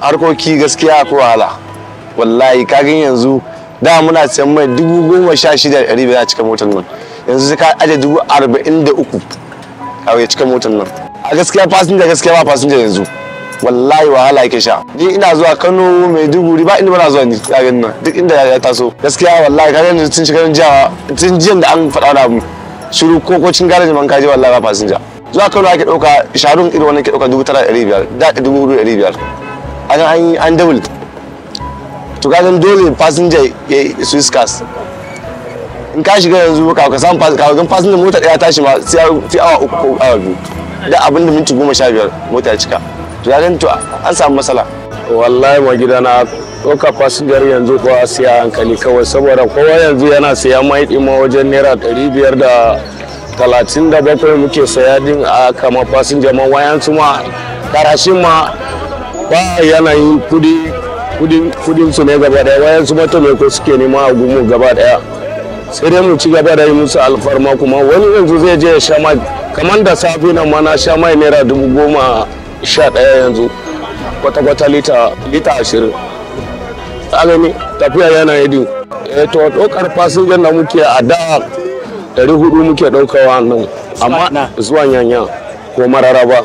harkoki gaskiya ko wahala wallahi kagin yanzu da muna sayan mai dubu goma sha shida da ɗari biyar a cikin motar nan yanzu sai ka aje dubu arba'in da uku a cikin motar nan a gaskiya fasinja gaskiya ba fasinja yanzu wallahi wahala yake sha ni ina zuwa Kano mai dubu ba inda bana zuwa ni ya gani nan duk inda ya taso gaskiya wallahi ka gani tun shekarun jiya tun jiyan da an faɗa wani abu shiru ko ko cin garaji man kaje wallahi ba fasinja zuwa Kano ake ɗauka sharun irin wannan ke ɗauka dubu tara da ɗari biyar da ɗari biyar an an double to ka zan dole fasinja ya swiss cars in ka shiga yanzu ka ka samu fasinja ka fasinja mota daya tashi ma sai fi awa uku ko awa biyu da abin da minti goma sha biyar mota ya cika to ya to an samu matsala wallahi ma gidana ɗauka fasinjar yanzu ko a siya hankali kawai saboda kowa yanzu yana siya mai ɗima wajen naira ɗari biyar da talatin da bakwai muke saya din a kama fasinja ma wayansu ma karashin ma ba yanayin kudi kudin su ne gaba daya wayan su ko suke nema a gumu gaba daya sai dai mu ci gaba da yi musu alfarma kuma wani yanzu zai je ya sha mai kamar da safi nan ma na sha mai naira dubu goma sha daya yanzu kwata-kwata lita lita ashirin gani tafiya yana yi eh to ɗaukar fasinjan da muke a da ɗari hudu muke ɗaukawa nan amma zuwa yanya ko mararaba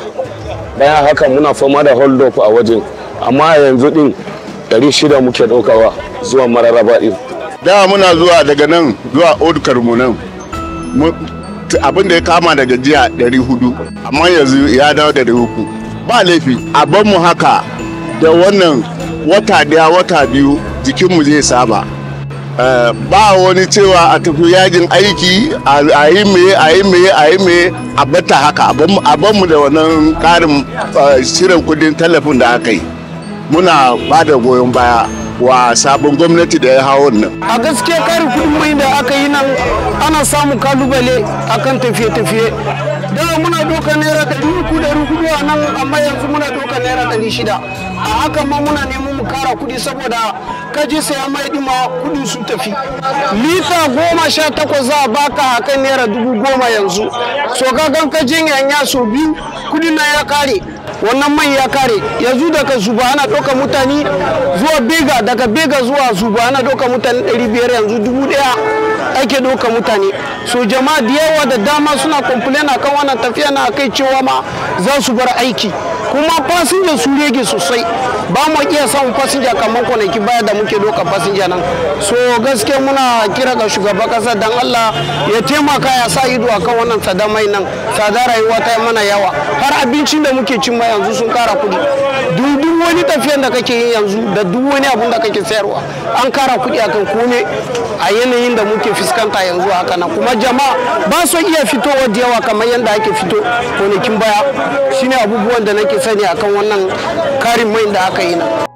daya haka muna fama da hold up a wajen amma yanzu din 600 muke ɗaukawa zuwa mararaba din da muna zuwa daga nan zuwa old karmu nan abin da ya kama daga jiya 400 amma yanzu ya dawo da ba laifi a mu haka da wannan wata daya wata biyu jikinmu zai saba Eh, ba wani cewa a tafi yajin aiki a yi me a yi me a yi me a bata haka a mu da wannan karin eh, shirin kudin tallafin da aka yi muna ba da goyon baya wa sabon gwamnati da ya hawo nan a gaskiya karin kudin mai da aka yi nan ana samun kalubale akan tafiye-tafiye da muna doka naira ɗari uku da ruku a nan amma yanzu muna doka naira ɗari shida a hakan ma muna neman mu kara kuɗi saboda kaji sayan mai ɗima kuɗin su tafi lita goma sha takwas za a baka a kan naira dubu goma yanzu so kagan kajin yanya so biyu kuɗin na ya kare wannan mai ya kare yanzu daga zuba ana ɗauka mutane zuwa bega daga bega zuwa zuba ana ɗauka mutane ɗari biyar yanzu dubu ɗaya ake doka mutane so jama'a da yawa da dama suna a kan wannan tafiya na kai cewa ma za su bar aiki kuma fasinja su rege sosai ba mu iya samun fasinja kamar kwanaki baya da muke doka fasinja nan so gaske muna kira ga shugaban kasa dan Allah ya taimaka ya sa ido akan wannan tsada mai nan tsada rayuwa ta mana yawa har abincin da muke cin ma yanzu sun kara kudi duk wani tafiyan da kake yi yanzu da duk wani abun da kake sayarwa an kara kuɗi kan kome a yanayin da muke fuskanta yanzu haka nan kuma jama'a ba su iya fitowa da yawa kamar yadda ake fito kwanakin baya shine abubuwan da nake sani akan wannan karin mai da aka yi na.